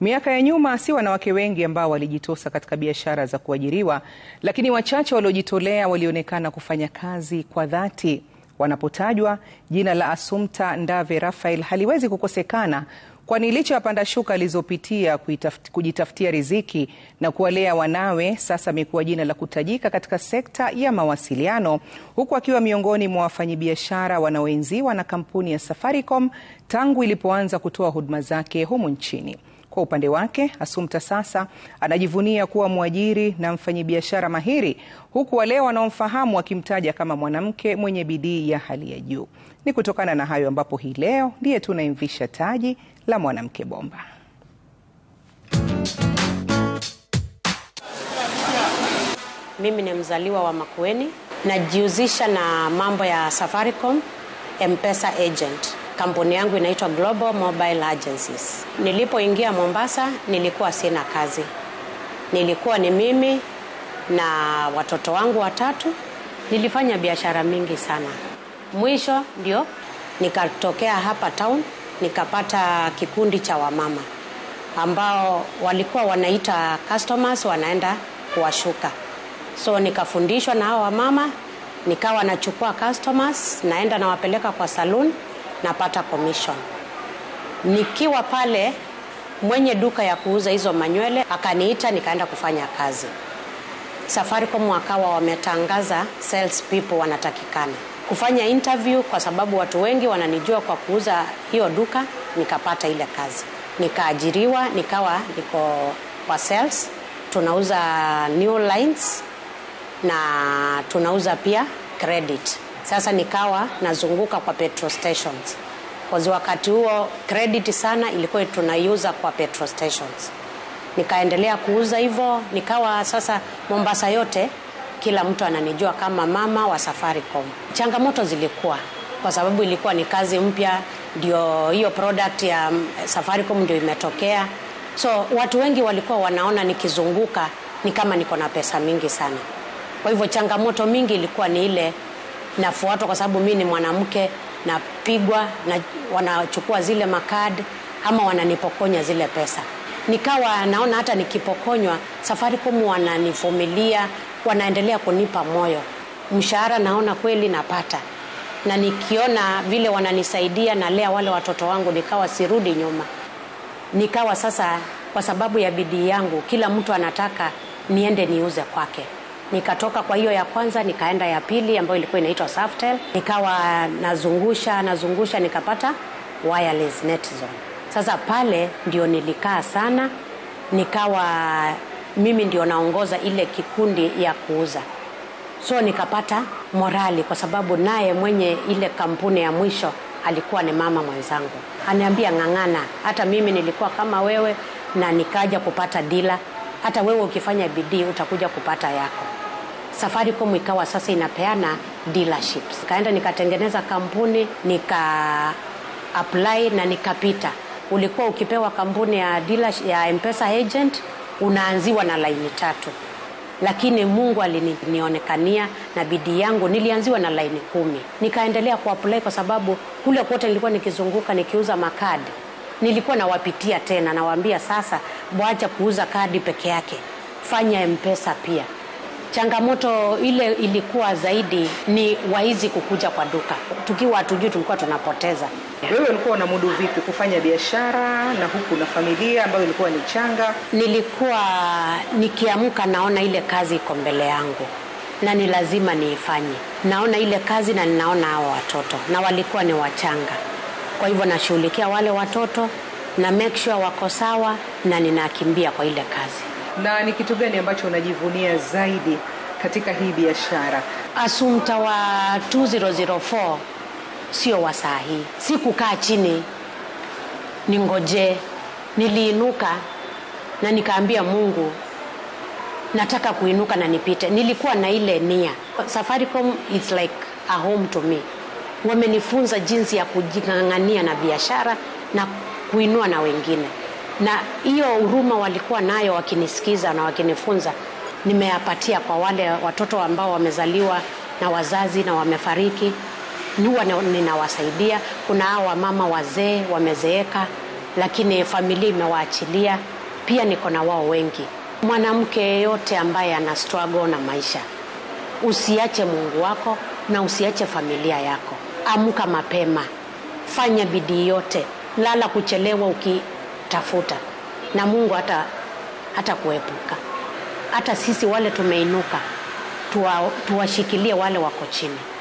Miaka ya nyuma si wanawake wengi ambao walijitosa katika biashara za kuajiriwa, lakini wachache waliojitolea walionekana kufanya kazi kwa dhati. Wanapotajwa, jina la Assumpta Ndave Raphael haliwezi kukosekana, kwani licha ya panda shuka alizopitia kujitafutia riziki na kuwalea wanawe, sasa amekuwa jina la kutajika katika sekta ya mawasiliano, huku akiwa miongoni mwa wafanyabiashara wanaoenziwa na kampuni ya Safaricom tangu ilipoanza kutoa huduma zake humu nchini. Kwa upande wake, asumta sasa anajivunia kuwa mwajiri na mfanyibiashara mahiri, huku wale wanaomfahamu wakimtaja kama mwanamke mwenye bidii ya hali ya juu. Ni kutokana na hayo ambapo hii leo ndiye tunaimvisha taji la mwanamke bomba. Mimi ni mzaliwa wa Makueni, najihusisha na mambo ya Safaricom M-Pesa agent. Kampuni yangu inaitwa Global Mobile Agencies. Nilipoingia Mombasa, nilikuwa sina kazi, nilikuwa ni mimi na watoto wangu watatu. Nilifanya biashara mingi sana, mwisho ndio nikatokea hapa town, nikapata kikundi cha wamama ambao walikuwa wanaita customers wanaenda kuwashuka, so nikafundishwa na hao wamama, nikawa nachukua customers naenda nawapeleka kwa saloon napata commission. Nikiwa pale, mwenye duka ya kuuza hizo manywele akaniita, nikaenda kufanya kazi. Safaricom wakawa wametangaza sales people wanatakikana kufanya interview, kwa sababu watu wengi wananijua kwa kuuza hiyo duka. Nikapata ile kazi, nikaajiriwa, nikawa niko kwa sales, tunauza new lines na tunauza pia credit. Sasa nikawa nazunguka kwa petrol stations kwa wakati huo credit sana ilikuwa tunaiuza kwa petrol stations. Nikaendelea kuuza hivyo, nikawa sasa Mombasa yote kila mtu ananijua kama mama wa Safaricom. Changamoto zilikuwa kwa sababu ilikuwa ni kazi mpya, ndio hiyo product ya mm, Safaricom ndio imetokea, so watu wengi walikuwa wanaona nikizunguka ni kama niko na pesa mingi sana. Kwa hivyo changamoto mingi ilikuwa ni ile nafuatwa kwa sababu mi ni mwanamke, napigwa na wanachukua zile makadi ama wananipokonya zile pesa. Nikawa naona hata nikipokonywa, Safaricom wananivumilia, wanaendelea kunipa moyo. Mshahara naona kweli napata, na nikiona vile wananisaidia, nalea wale watoto wangu, nikawa sirudi nyuma. Nikawa sasa, kwa sababu ya bidii yangu, kila mtu anataka niende niuze kwake. Nikatoka kwa hiyo ya kwanza nikaenda ya pili ambayo ilikuwa inaitwa saftel nikawa nazungusha nazungusha, nikapata wireless Netzone. Sasa pale ndio nilikaa sana, nikawa mimi ndio naongoza ile kikundi ya kuuza, so nikapata morali, kwa sababu naye mwenye ile kampuni ya mwisho alikuwa ni mama mwenzangu, aniambia ng'ang'ana, hata mimi nilikuwa kama wewe na nikaja kupata dila. Hata wewe ukifanya bidii utakuja kupata yako. Safaricom ikawa sasa inapeana dealerships. Kaenda nikatengeneza kampuni nika apply na nikapita. Ulikuwa ukipewa kampuni ya dealer, ya Mpesa agent unaanziwa na laini tatu, lakini Mungu alinionekania na bidii yangu, nilianziwa na laini kumi. Nikaendelea kuapply kwa sababu kule kote nilikuwa nikizunguka nikiuza makadi nilikuwa nawapitia tena, nawaambia sasa, wacha kuuza kadi peke yake, fanya Mpesa pia. Changamoto ile ilikuwa zaidi ni waizi kukuja kwa duka, tukiwa hatujui tulikuwa tunapoteza. Wewe ulikuwa mudu vipi kufanya biashara na huku na familia ambayo ilikuwa ni changa? Nilikuwa nikiamka naona ile kazi iko mbele yangu na ni lazima niifanye. Naona ile kazi na ninaona hawa watoto, na walikuwa ni wachanga, kwa hivyo nashughulikia wale watoto na make sure wako sawa, na ninakimbia kwa ile kazi na ni kitu gani ambacho unajivunia zaidi katika hii biashara? Asumta wa 2004 sio wa saa hii. Sikukaa chini ningoje, niliinuka na nikaambia Mungu nataka kuinuka na nipite. Nilikuwa na ile nia. Safaricom is like a home to me. Wamenifunza jinsi ya kujing'ang'ania na biashara na kuinua na wengine na hiyo huruma walikuwa nayo wakinisikiza na wakinifunza, nimeyapatia kwa wale watoto ambao wamezaliwa na wazazi na wamefariki, huwa ninawasaidia. Kuna hao wamama wazee wamezeeka, lakini familia imewaachilia pia, niko na wao wengi. Mwanamke yeyote ambaye ana struggle na maisha, usiache Mungu wako na usiache familia yako. Amka mapema, fanya bidii yote, lala kuchelewa uki tafuta na Mungu hata, hata kuepuka. Hata sisi wale tumeinuka tuwashikilie tuwa wale wako chini.